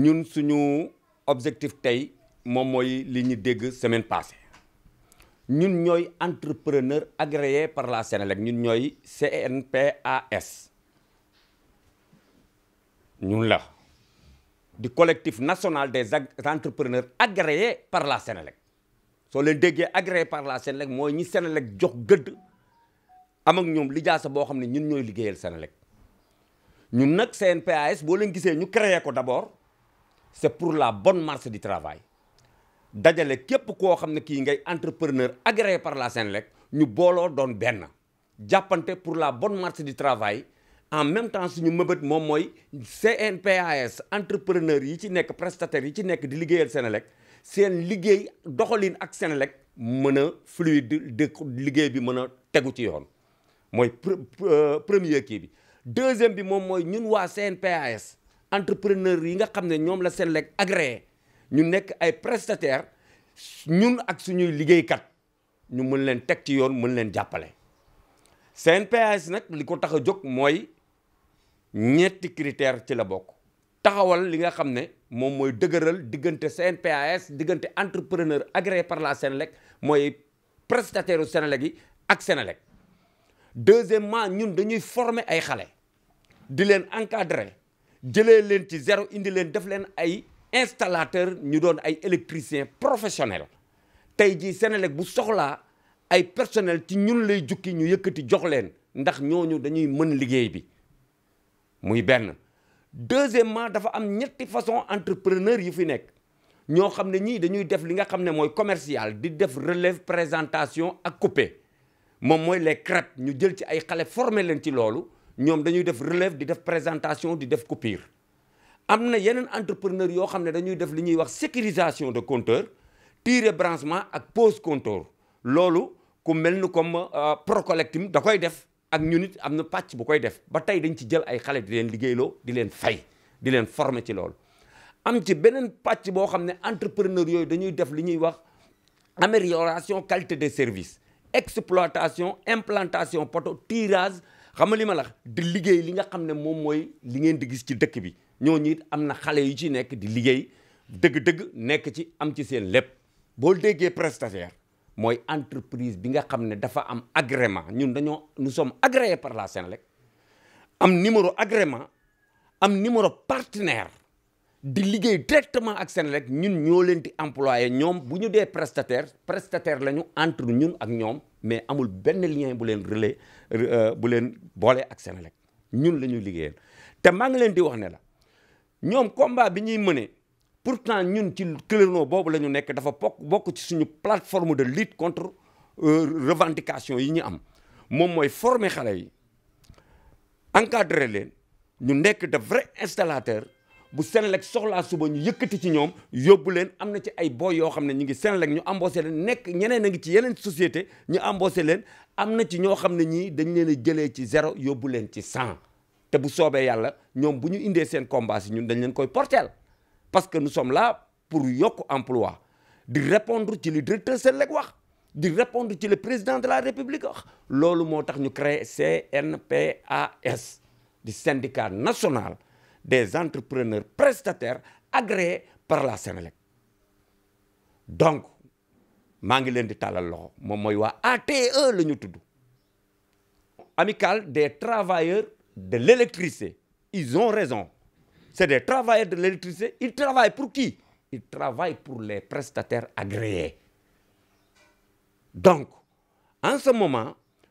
Nous, notre objectif aujourd'hui, c'est ce que nous la semaine passée. Nous sommes entrepreneurs agréés par la Sénélec. Nous sommes CNPAS. Nous sommes là. Du collectif national des entrepreneurs agréés par la Sénélec. Si les êtes agréés par la Sénélec, c'est que Sénélec a fait avec nous, Lydia Sabocham, nous sommes les Sénélec. Nous sommes CNPAS, nous avons créé d'abord. c'est pour la bonne marche du travail dajale képp koo xam ne kii ngay entrepreneur agréé par la Senelec ñu booloo doon benn jàppante pour la bonne marche du travail en même temps ñu mëbët moom mooy CNPAS entrepreneur yi ci nekk prestataire yi ci nekk di liggéeyal Senelec seen liggéey doxalin ak Senelec mën a di de liggéey bi mën a tegu ci yoon mooy euh, premier kii bi deuxième bi moom mooy ñun waa CNPAS entrepreneur yi nga xamné ñom la seen lekk agréé ñu nekk ay prestataire ñun ak suñuy kat ñu mën leen tek ci yoon mën leen jappalé CNPS nak liko taxa tax moy ñetti critère ci la bok taxawal li nga xamné mom moy mooy dëgëral CNPS CNPAS entrepreneur agréé par la Senelec moy prestataire u Senelec yi ak Senelec deuxièmement ñun dañuy former ay xalé di leen encadrer jëlee leen ci zéro indi leen def leen ay installateur ñu doon ay électricien professionnel tey jii Senelec bu soxlaa ay personnel ci ñun lay jukki ñu yëkkati jox leen ndax ñooñu dañuy mën liggéey bi muy benn deuxièmement dafa am ñetti façon entrepreneur yi fi nekk ñoo xam ne ñii dañuy def li nga xam ne mooy commercial di def relève présentation ak coupé moom mooy les crêpes ñu jël ci ay xale formé leen ci loolu ñom dañuy def relève di def présentation di def coupure amna yenen entrepreneur yo dañuy def sécurisation de compteur tirer branchement ak compteur comme euh, def ak patch, bu koy def ba dañ ci jël ay former ci am ci entrepreneur dañuy qualité des services exploitation implantation tirage xam nga li ma la di liggéey li nga xam ne moom mooy li ngeen di gis ci dëkk bi ñooñu it am na xale yu ci nekk di liggéey dëgg-dëgg nekk ci am ci seen lépp boo déggee prestataire mooy entreprise bi nga xam ne dafa am agrément ñun dañoo nous sommes agréés par la Sénélec am numéro agrément am numéro partenaire di liggéey directement ak Senelec ñun ñoo leen di employé ñoom bu ñu dee prestataire prestataire lañu entre ñun ak ñoom mais amul benn lien bu leen relais euh, bu leen boole ak Senelec ñun la ñuy liggéeyal te maa ngi leen di wax ne la ñoom combat bi ñuy mëne pourtant ñun ci créneau boobu la ñu nekk dafa bokk bokk ci suñu plateforme de lutte contre euh, revendication yi ñu am moom mooy former xale yi encadrer leen ñu nekk de vrai installateur bu Senelec soxla suba ñu yëkëti ci ñoom yóbbu leen am na ci ay boy yoo xam ne ñu ngi Senelec ñu embauché leen nekk ñeneen a ngi ci yeneen société ñu embauché leen am na ci ñoo xam ne ñii dañ leen a jëlee ci zéro yóbbu leen ci cent te bu soobee yàlla ñoom bu ñu indee seen combat si ñun dañ leen koy porteel parce que nous sommes là pour yokk emploi di répondre ci li directeur Senelec wax di répondre ci le président de la république wax loolu moo tax ñu créé CNPAS di syndicat national des entrepreneurs prestataires agréés par la Sénélec donc je ngi di ATE le des travailleurs de l'électricité ils ont raison c'est des travailleurs de l'électricité ils travaillent pour qui ils travaillent pour les prestataires agréés donc en ce moment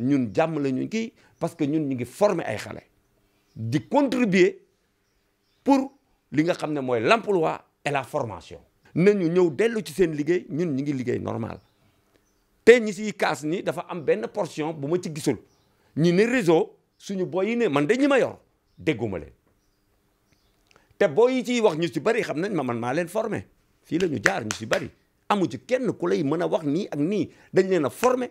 ñun jàmm la ñu kii parce que ñun ñu ngi former ay xale di contribuer pour li nga xam ne mooy l'emploi et la formation nañu ñëw dellu ci seen liggéey ñun ñu ngi liggéey normal te ñi siy kaas ni dafa am benn portion bu ma ci gisul ñi ni réseau suñu booy yi ne man de ñi yor dégguma leen te booy yi ciy wax ñu si bari xam nañ ma man maa leen formé fii la ñu jaar ñu si bari amu ci kenn ku lay mën a wax nii ak nii dañ leen a formé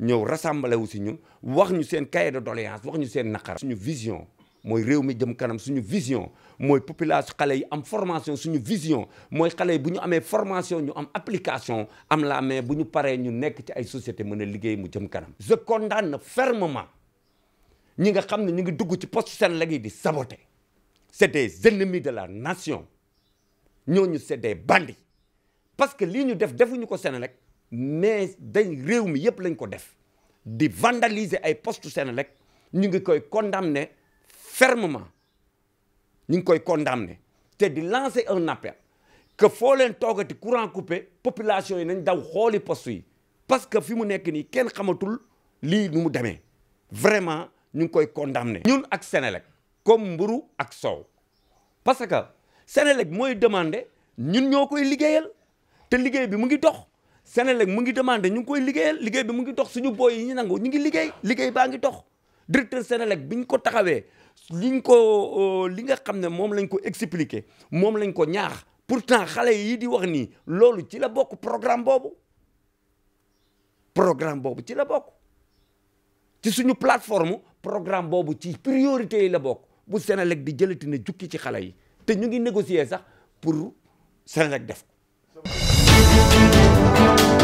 ñeu rassemblé wu si ñun wax ñu seen cahier de doléances wax ñu seen naqar suñu vision moy réew mi jëm kanam suñu vision moy population xalé yi am formation suñu vision moy xalé yi bu ñu formation ñu am application am la main buñu paré ñu nekk ci ay société mën liggéey mu jëm kanam je condamne fermement ñi nga xam ne ngi dugg ci poste Senelec yi di saboter c'est des ennemis de la nation ñooñu c'est des bandits parce que li ñu def defuñu ko Senelec mais dañ réew mi yëpp lañ ko def di vandaliser ay poste Senelec ñu ngi koy condamner fermement ñu ngi koy condamner té di lancer un appel que foo leen toogati courant coupé population yi nañ daw xoli poste yi parce que fi mu nekk nii kenn xamatul li nu mu vraiment ñu ngi koy condamner ñun ak sénégal comme mburu ak soow parce que sénégal, moy demander ñun ñokoy koy liggéeyal te liggéey bi mu ngi dox Senelec mu ngi demandé ñu ngi koy liggéeyal liggéey bi mu ngi dox suñu booy yi ñu nangu ñu ngi liggéey liggéey baa ngi dox directeur Senelec bi ñu ko taxawee liñ ko euh, li nga xam ne moom lañ ko expliqué moom lañ ko ñaax pourtant xale yi di wax nii loolu ci la bokk programme boobu programme boobu ci la bokk ci suñu plateforme programme boobu ci priorité yi la bokk bu Senelec di jëlati ne jukki ci xale yi te ñu ngi négocier sax pour Senelec def you